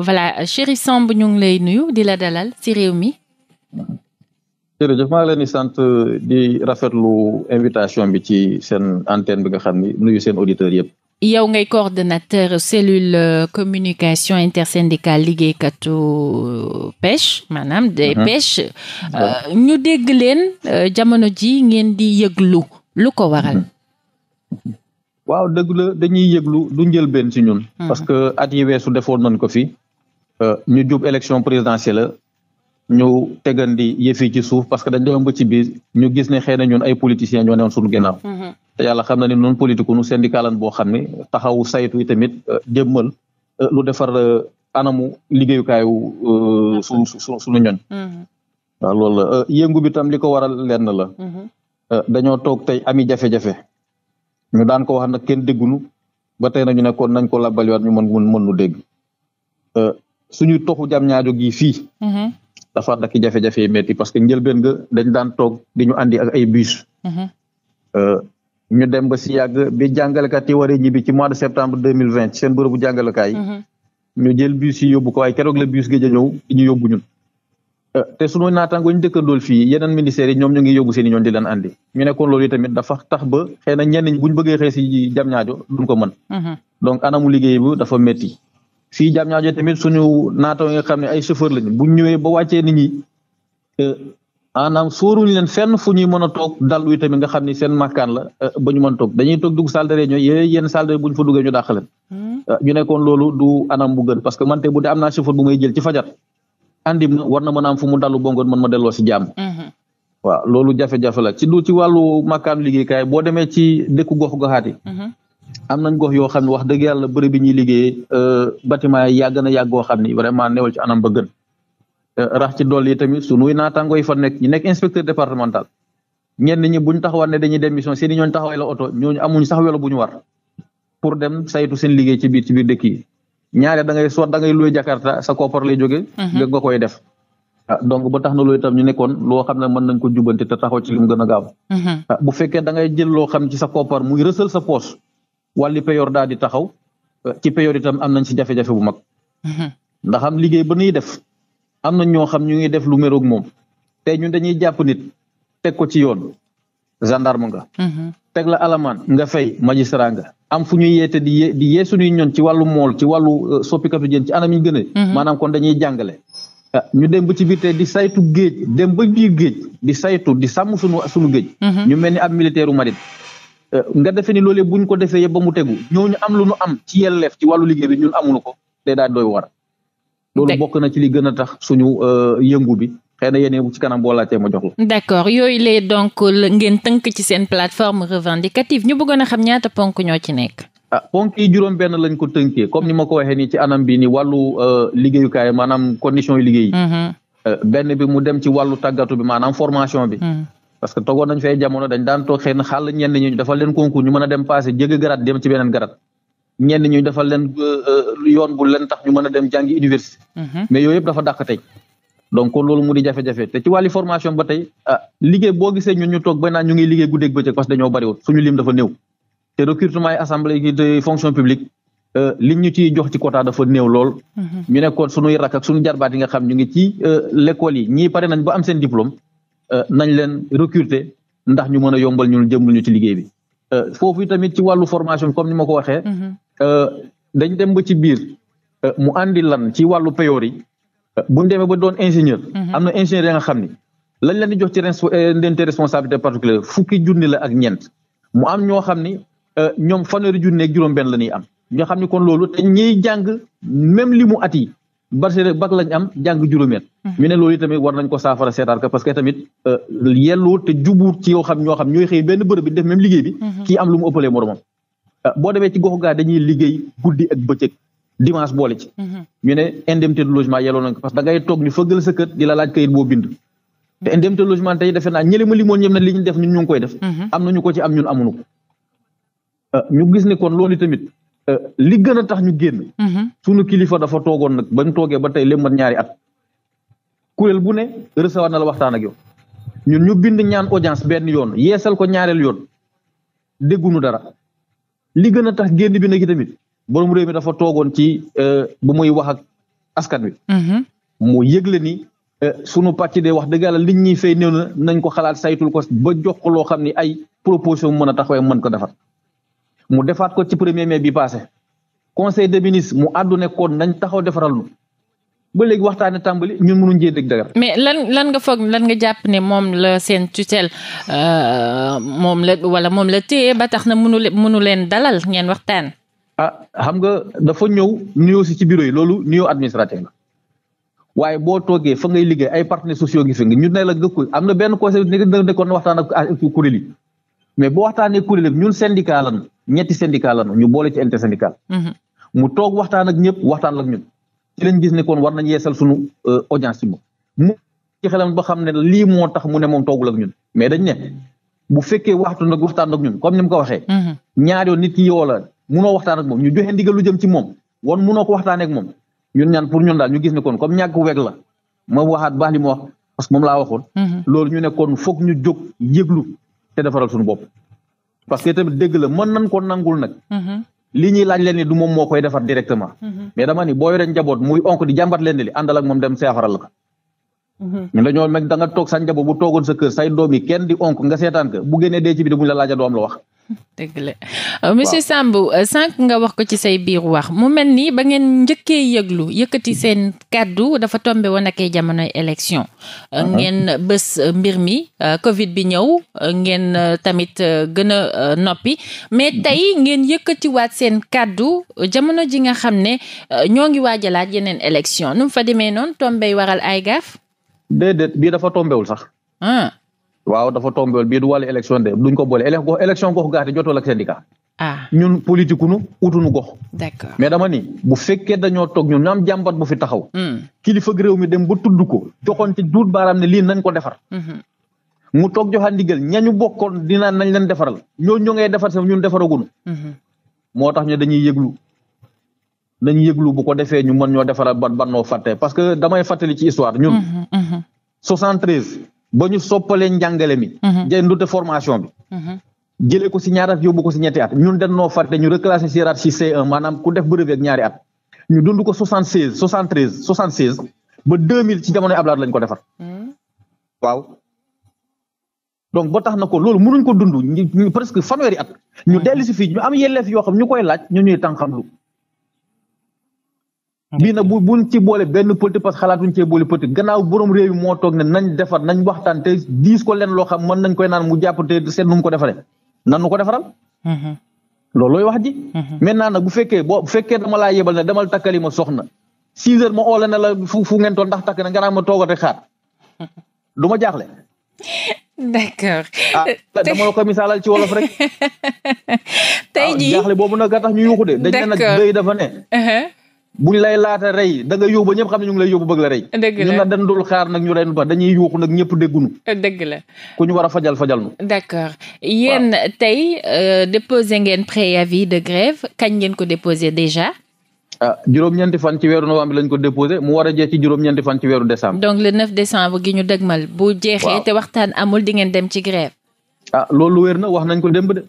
voilà euh, Chérif Samb ñu ngi lay nuyu di la dalal ci réew mi. jërëjëf maa ngi leen sant euh, di rafetlu invitation bi ci seen antenne bi nga xam ni nuyu seen auditeurs yëpp. yow ngay coordonnateur cellule euh, communication intersyndicale liggéeykatu pêche maanaam de mhm. pêches ñu dégg leen jamono ji ngeen di yëglu lu ko waral. waaw dëgg la dañuy yëglu du njëlbeen ci ñun. Mhm. parce que at yi weesu defoon nañ ko fi. Euh, ñu jub élection présidentielle ñu tegandi yëf yi ci suuf parce que dañ doon ba ci biir ñu gis ne xëy na ñun ay politiciens ñoo newoon suñu ginnaaw. Mm-hmm. te yàlla xam na ne noonu politique nu syndicat lan boo xam ne taxawu saytu yi tamit euh, jëmmal euh, lu defar anamu liggéeyukaayu suñu mm-hmm. suñu suñu ñoñ. Mm-hmm. waaw loolu la yëngu tam li ko waral lenn la. dañoo toog tey ami jafe-jafe ñu daan ko wax nag kenn déggunu ba tey nañu ne kon nañ ko la labaliwaat ñu mën mën nu dégg. suñu toxu jam ñaajo gi fii. Mm-hmm. dafa ànd ak jafe-jafe yu parce que njëlbeen ga dañ daan toog di ñu andi ak ay bus. Mm-hmm. Euh, ñu dem ba si yàgg bi jàngalekat yi waree ñibbi ci mois de septembre deux mille vingt seen bërëbu jàngalekaay. Mm-hmm. ñu jël bus yi yóbbu ko waaye keroog la bus géej a ñëw ñu yóbbu ñun. Euh, te sunu naataangoo ñu dool fii yeneen ministères yi ñoom ñu ngi yóbbu seen i ñoon di leen andi ñu nekkoon loolu dafa tax ba xëy na ñenn ñi bu ñu bëggee xëy si jam ñaajo duñ ko mën. donc anamu liggéey bi dafa métti. fii jam ñaajo tamit suñu naataw nga xam ne ay chauffeur lañu bu ñëwee ba wàccee nit ñi maanaam sóoruñu leen fenn fu ñuy mën a toog dal wi tamit nga xam ni seen makaan la eh, ba ñu mën toog dañuy toog dugg salle de réunion yéen yenn salle de bu ñu duggee ñu dàq leen hmm. eh, ñu nekkoon loolu du anam bu gën parce que man bu dee am na chauffeur bu may jël ci fajar andim na war na mën a am fu mu dalu bongoon mën ma delloo si jàmm hmm. waaw loolu jafe-jafe la ci du ci wàllu makkaanu liggéeykaay boo demee ci dëkku gox goxaat yi hmm. am nañ gox yoo xam ne wax dëgg yàlla bëri bi ñuy liggéey euh, bâtiment yi na yàgg goo xam ni vraiment newal ci anam ba gën euh, rax ci dolli tamit sunuy naataangoo yi fa nekk ñu nekk inspecteur départemental ñenn ñi buñ taxawal ne dañuy démission seen i ñooñu taxaway la oto ñooñu amuñ sax welo bu ñu war pour dem saytu seen liggéey ci biir ci biir dëkk yi ñaare da ngay soit da ngay loué Jakarta sa koppar lay jóge mhm. nga nga koy def ah, donc ba tax na loolu itam ñu nekkoon loo xam ne mën na ko jubbanti te taxaw ci li mu gën a gaaw mhm. ah, bu fekkee da ngay jël loo xam wàlli payoor daal di taxaw euh, ci payoor itam am nañ ci jafe-jafe bu mag mhm. ndax am liggéey ba nuy def am na ñoo xam ñu ngi def lu méroog moom tey ñun dañuy jàpp nit teg ko ci yoon gendarme nga mhm. teg la alamaan nga fay magistrat nga am fu ñuy yeete di yee di yee ñoon ci wàllu mool ci wàllu euh, soppikatu jën ci anam yi gën a mhm. maanaam kon dañuy jàngale ah, ñu dem ba ci biir tey di saytu géej dem ba biir géej di saytu di sàmm suñu suñu géej ñu mel ni ab militaire u marine Euh, nga defee ni loolee buñ ko defee yëpp ba mu tegu ñooñu am lu ñu am ci yelleef ci wàllu liggéey bi ñun amuñu ko day daal doy war loolu bokk na ci li gën a tax suñu euh, yëngu bi xëy na yéen ci kanam boo laajtee ma jox la. d'accord yooyu lee donc ngeen tënk ci seen plateforme revendicative ñu bëggoon a xam ñaata ponk ñoo ci nekk. ah ponk yi juróom-benn lañ ko tënkee comme ni ma ko waxee nii ci anam bi ni wàllu euh, liggéeyukaay maanaam condition yu liggéey mm-hmm. benn bi mu dem ci wàllu tàggatu bi maanaam formation bi. Mm. parce que togoon nañ fay jamono dañ daan toog xëy na xàll ñenn ñi ñu defal leen concours ñu mën dem passé jéggi garat dem ci beneen garat ñenn ñu defal leen euh, euh, yoon bu leen tax ñu mën dem jàngi université. Mhm. mais yooyu dafa dàq tey. donc kon loolu mu di jafe-jafe te ci wàllu formation ba tey ah liggéey boo gisee ñun ñu toog ba naan ñu ngi liggéey guddeeg bëccëg parce que dañoo bariwul suñu lim dafa néew. te recrutement yi assemblée de fonction publique euh, liñ ñu ciy jox ci quota dafa néew lool. Mhm. ñu nekkoon suñuy rakk ak suñu yi nga xam ñu ngi ci l'école yi ñii pare nañ Euh, nañ leen recruter ndax ñu mën a yombal ñun jëmbal ñu ci liggéey bi euh, foofu tamit ci wàllu formation comme ni ma ko waxee mm-hmm. euh, dañ dem ba ci biir mu àndi lan ci wàllu payoor yi buñ demee ba doon ingénieur mm-hmm. am na ingénieur ya nga xam ni lañ leen di jox ci ndente responsabilité particulière fukki junni la ak ñeent mu am ñoo xam ni ñoom fanweeri junni ak juróom benn la ñuy am ñoo xam ni kon loolu te ñiy jàng même li mu at yi barse rek bac lañ am jàng juróomeet hmm. ñu ne loolu tamit war nañ ko saafara seetaat ko parce que tamit euh, yelloo te jubur ci yoo xam ñooy xëy benn bërëb bi def même liggéey bi hmm. kii am lu mu ëppalee moromam euh, boo demee ci gox gaa dañuy liggéey guddi ak bëccëg dimanche boole ci hmm. ñu ne indemnité de logement yelloo nañ ko parce que da toog ñu fëggal sa di la laaj kayit boo bind te indemnité logement tey def ñun ñu ngi koy def am nañu ko ci am ñun amuñu euh, ñu gis ne li gën a tax ñu génn. Mm-hmm. sunu kilifa dafa toogoon nag ba ñu toogee ba tey lépp mat ñaari at. kuréel bu ne recevoir na waxtaan ak yow ñun ñu bind ñaan audience benn yoon yeesal ko ñaareel yoon déggunu dara li gën a tax génn bi nag tamit borom mu mi dafa toogoon ci euh, bu muy wax ak askan wi. Mm-hmm. mu yëgle ni euh, sunu pàcc de wax dëgg yàlla liñ ñuy fay néew nañ ko xalaat saytul ko ba jox loo xam ni ay proposition mën a taxawee mën ko defar. mu defaat ko ci premier mais bi paase conseil de ministres mu àddu ne kon nañ taxaw defaral nu ba léegi waxtaan waxtaane tàmbali ñun mënuñ jee dëgg dagar mais lan lan nga foog lan nga jàpp ne moom la seen tutelle euh, moom la wala moom la téye ba tax na mënu leen mënu leen dalal ngeen waxtaan. a ah, xam nga dafa ñëw nuyoo si ci bureau yi loolu nuyoo administratif la waaye boo toogee fa ngay liggéey ay partenaires sociaux gi fi ngi ñu ne la am na benn conseil ne nekkoon waxtaan ak kuréel yi mais boo waxtaanee kuréel ñun syndicat lañu ñetti syndicat lañu ñu boole ci intersyndical. Mhm. mu toog waxtaan ak ñëpp waxtaan ak ñun. ci lañ gis ne kon war nañ yeesal sunu euh, audience ci moom. mu ci xelam ba xam ne lii moo tax mu ne moom toogul ak ñun mais dañ ne bu fekkee waxtu nag waxtaan ak ñun comme ni mu ko waxee. Mhm. ñaar yoon nit ki munoo waxtaan moom ñu joxe ndigal lu ci moom wan munoo ko waxtaanee moom ñun ñaan pour ñun daal ñu gis ne kon comme ñàkk weeg la ma waxaat baax li wax parce moom laa waxoon. Mhm. loolu ñu ne kon foog ñu jóg yëglu te defaral suñu bopp parce que tamit dëgg la mën nañ ko nangul nag mhm. li ñuy laaj leen ni moom moo koy defar directement mhm. mais dama ni boo yoree njaboot muy onk di jàmbat leen li àndal moom dem seefaral ka mhm. ñun dañoo meg da nga toog sa njaboot bu toogoon sa say doom kenn di onk nga seetaan ka bu génnee dee ci bi de buñ la laaja doom la wax dëgg la euh, monsieur Samb euh, sànq nga wax ko ci say biir wax mu mel ni ba ngeen njëkkee yëglu yëkkati seen kàddu dafa tombe woon jamonoy élection euh, uh-huh. ngeen bés mbir mi Covid bi ñëw ngeen tamit gën a noppi mais uh-huh. tey ngeen waat seen kàddu jamono ji nga xam ne ñoo ngi waajalaat yeneen élection nu mu fa demee noonu tombey waral ay gaaf. bii dafa tombewul sax. Ah. waaw dafa tombé bii du wàllu élection de duñ ko boole élection gox gaate jotoo ak syndicat. ah ñun politique nu utunu gox. d'accord mais dama ni bu fekkee dañoo toog ñun ñaam jàmbat bu fi taxaw. Hmm. kilifa gréew mi dem ba tudd ko joxoon ci duut baaraam ne lii nañ ko defar. Hmm. mu toog joxaat ndigal ñañu bokkoon dinaa nañ leen defaral ñoo ñoo ngay defar sax ñun defaragunu. Hmm. moo tax ñu dañuy yëglu dañuy yëglu bu ko defee ñu mën ñoo defaral ban ban noo fàtte parce que damay fàttali ci histoire ñun. 73. ba ñu soppalee njàngale mi. Mhm. jël ndute formation bi. Mhm. jëlee ko si ñaari at yóbbu ko si ñetti at ñun dañ fa fàtte ñu reclassé si hiérarchie c maanaam ku def brevet ak ñaari at ñu dund ko 76 73 76 ba 2000 ci jamonoy Abdoulaye lañ ko defar. Mhm. waaw donc ba tax na ko loolu mënuñ ko dund ñu presque fanweeri at. ñu dellu si fii ñu am yelleef yoo xam ñu koy laaj ñu ñuy tànqamlu bii nag bu buñ ci boole benn politique parce que xalaatuñ cee boole politique gannaaw borom réew mi moo toog ne nañ defar nañ waxtaan te diis ko leen loo xam mën nañ koy naan mu jàpp te seet nu mu ko defaree nan nu ko defaral. Mm-hmm. loolooy wax ji. Mm-hmm. naan nag bu fekkee boo bu fekkee dama laa yebal ne demal takkali ma soxna six heures ma oo la la fu fu ngeen toon ndax takk na nga naan ma toogat xaar du ma jaaxle. d'accord. ah dama ko misaalal ci wolof rek. tey ah, jaaxle boobu nag ga tax ñu yuuxu de. d'accord dañ ne dafa ne. Uh-huh. buñ lay laata rey danga nga yóbbu ñëpp xam ne ñu ngi lay yóbbu bëgg la rey. dëgg la ñun nag dañ dul xaar nag ñu rey ba dañuy yuuxu nag ñëpp déggunu dëgg la ku ñu war a fajal fajal nu. d'accord yéen tey euh, déposé ngeen préavis de grève kañ ngeen ko déposé déjà. ah juróom-ñeenti fan ci weeru novembre lañ ko déposé mu war a jeex ci juróom-ñeenti fan ci weeru décembre. donc le 9 décembre gi ñu dëgmal. bu jeexee te waxtaan amul di ngeen dem ci grève. a ah, loolu wér na wax nañ ko démb de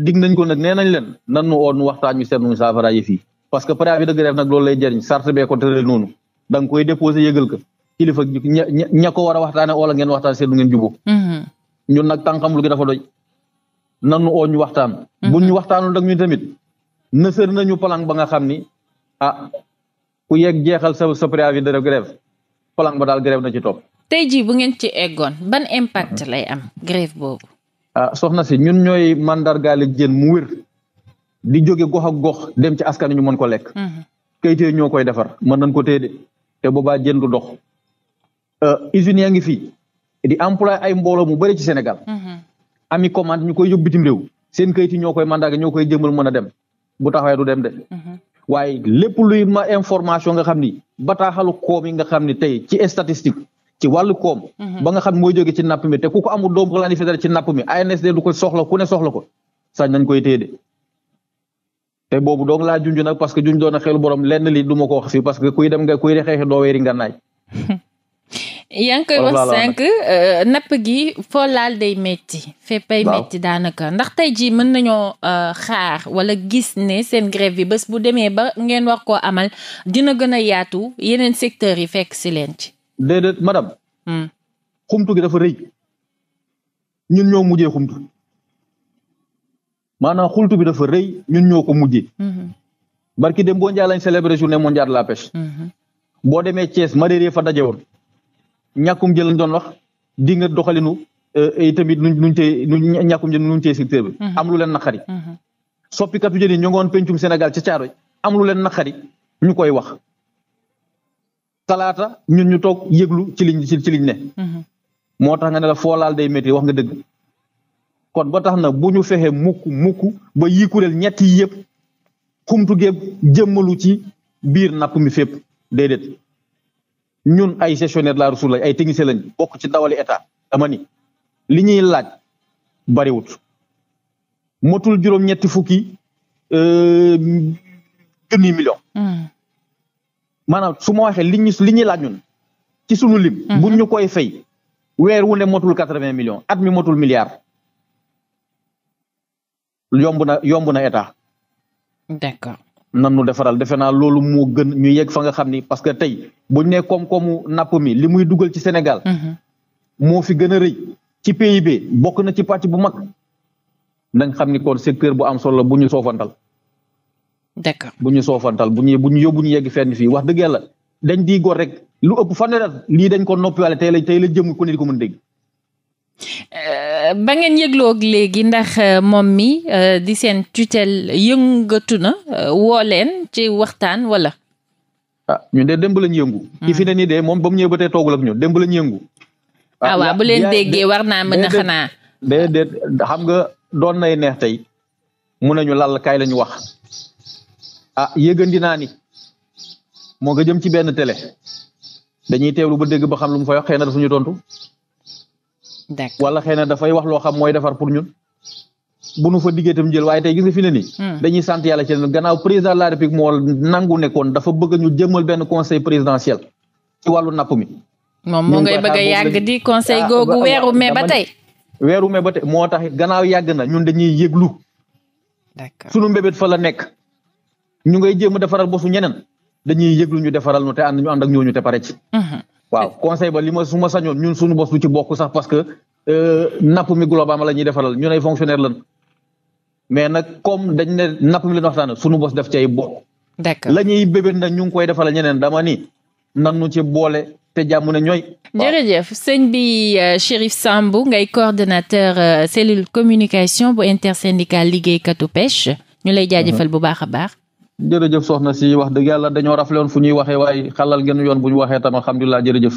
dig nañ ko nag nee nañ leen nan nu oon waxtaan ñu seet nu saafara yi fii parce que préavis de grève nag loolu lay jëriñ charte bee ko tëral noonu da koy déposé yëgal ko kilifa ña ña a waxtaane wala ngeen waxtaan seetlu ngeen jubóo. Mm-hmm. ñun nag tànkam lu gi dafa doy. nan nu oo waxtaan. Mm-hmm. bu ñu waxtaanul ñun tamit nësër nañu plan ba nga xam ni ah ku yegg jeexal sa sa préavis de grève plan ba daal grève na ci topp. tey jii bu ngeen ci eggoon ban impact lay am grève boobu. ah soxna si ñun ñooy mandargaale jën mu wér. di jóge gox ak gox dem ci askan ñu mën ko lekk. Mhm. kayit yooyu ñoo koy defar mën nañ ko téye te boobaa jënd du dox. Euh, usines yaa ngi fi di employé ay mbooloo mu bëri ci Sénégal. Mhm. ami commande ñu koy yóbbu bitim réew. seen kayit yi ñoo koy mandaga ñoo koy jëmbal mën a dem bu taxawee du dem de. Mhm. waaye lépp luy ma information nga xam ni bataaxalu koom yi nga xam ni tey ci statistique ci wàllu koom. ba nga xam mooy jóge ci napp mi te ku ko amul doom planifié ci napp mi ANSD du ko soxla ku ne soxla ko sañ nañ koy téye de te boobu donc laa junj nag doon na xel borom lenn li du ko wax fii parce que kuy dem nga kuy xeexi doo weeri nga naaj. yaa koy wax sànq euh, napp gi foo laal day métti fépp ay métti daanaka ndax tey jii mën nañoo euh, xaar wala gis ne seen grève bi bés bu demee ba ngeen wax koo amal dina gën a yaatu yeneen secteurs yi fekk si leen ci. déedéet madame. Hmm. xumtu gi dafa rëy ñun ñoo mujjee xumtu. maanaam xultu bi dafa rëy ñun ñoo ko mujjee. Mhm. barki de boo njaay lañ célébré journée mondiale la pêche. Mhm. boo demee cees madéré fa daje woon ñàkkum jël lañ doon wax di nga doxalinu euh, tamit nuñ nuñ tey nuñ ñàkkum jël nuñ tey secteur bi. Mhm. am lu leen naqari. soppikatu jën yi ñoo ngi woon pencum Sénégal ca am lu leen naqari ñu koy wax. talaata ñun ñu toog yëglu ci liñ ci liñ ne. moo tax nga ne la foolaal day métti wax nga dëgg. kon ba tax na bu ñu fexe mukk mukk ba yi kuréel ñett yi yëpp jëmmalu ci biir napp mi fépp déedéet ñun ay gestionnaire la ressource ay technicien lañ bokk ci ndawali état dama ni li ñuy laaj bariwut motul juróom-ñetti fukki euh, junni million hmm. maanaam su ma waxee li ñu li ñuy laaj ñun ci sunu lim hmm. bu ñu koy fay weer wu ne motul quatre-vingts millions at mi motul milliard yomb na yomb na état. d'accord. nan nu defaral defe naa loolu moo gën ñu yegg fa nga xam ni parce que tey buñ ne koom-koomu napp mi li muy dugal ci senegal mhm. moo fi gën a rëy ci PIB bokk na ci pàcc bu mag na xam ni kon secteur bu am solo bu ñu soofantal. d'accord bu ñu soofantal bu ñu bu ñu yóbbu ñu yegg fenn fii wax dëgg dañ di góor rek lu ëpp fanweeri at lii dañ ko noppiwaale tey la tey la jëm ku ne di ko mën dégg. Euh, ba ngeen yëgloog léegi ndax euh, moom mi euh, di seen tutelle yëngatu na euh, woo leen ci waxtaan wala. ah ñun de démb lañ yëngu. ki fi ne nii de moom ba mu ñëwee ba tey toogul ak ñun démb yëngu. ah, ah waaw bu leen déggee war naa mën a xanaa. déedéet xam nga doon nay neex tey mun nañu lal kaay la ñu wax a ah, yëgandi naa ni moo nga jëm ci benn tele dañuy teewlu ba dégg ba xam lu mu fay wax xëy ñu tontu. wala xëy na dafay wax loo xam mooy defar pour ñun bu nu fa diggee tam jël waaye tey gis nga fi ne nii. Hmm. dañuy sante yàlla ci gannaaw président de la république moo nangu nekkoon dafa bëgg ñu jëmmal benn conseil présidentiel ci wàllu napp mi. moom moo ngay bëgg a yàgg di conseil ah, googu weeru me ba tey. weeru mai ba tey moo tax gannaaw yàgg na ñun dañuy yëglu. d'accord sunu mbébét fa la nekk ñu ngay jéem a defaral bosu ñeneen dañuy yëglu ñu defaral nu te ànd ñu ànd ak ñooñu te pare ci. Hmm. waaw conseil ba li ma su sañoon ñun suñu bos du ci bokk sax parce que euh, napp mi globalement la ñuy defaral ñun ay fonctionnaire lan mais nag comme dañ ne napp mi leen waxtaan suñu bos def ci ay bokk d'accord la ñuy bébét nag ñu ngi koy defalal ñeneen dama ni nan nu ci boole te jàmm ne ñooy. jërëjëf sëñ bi euh, Chérif Samb ngay coordonnateur euh, cellule communication bu intersyndicale liggéeykatu pêche ñu lay jaajëfal bu baax a baax. jërëjëf soxna si wax dëgg yàlla dañoo rafle woon fu ñuy waxee waaye xalal ngeen yoon bu ñu waxee tam alhamdulilah jërëjëf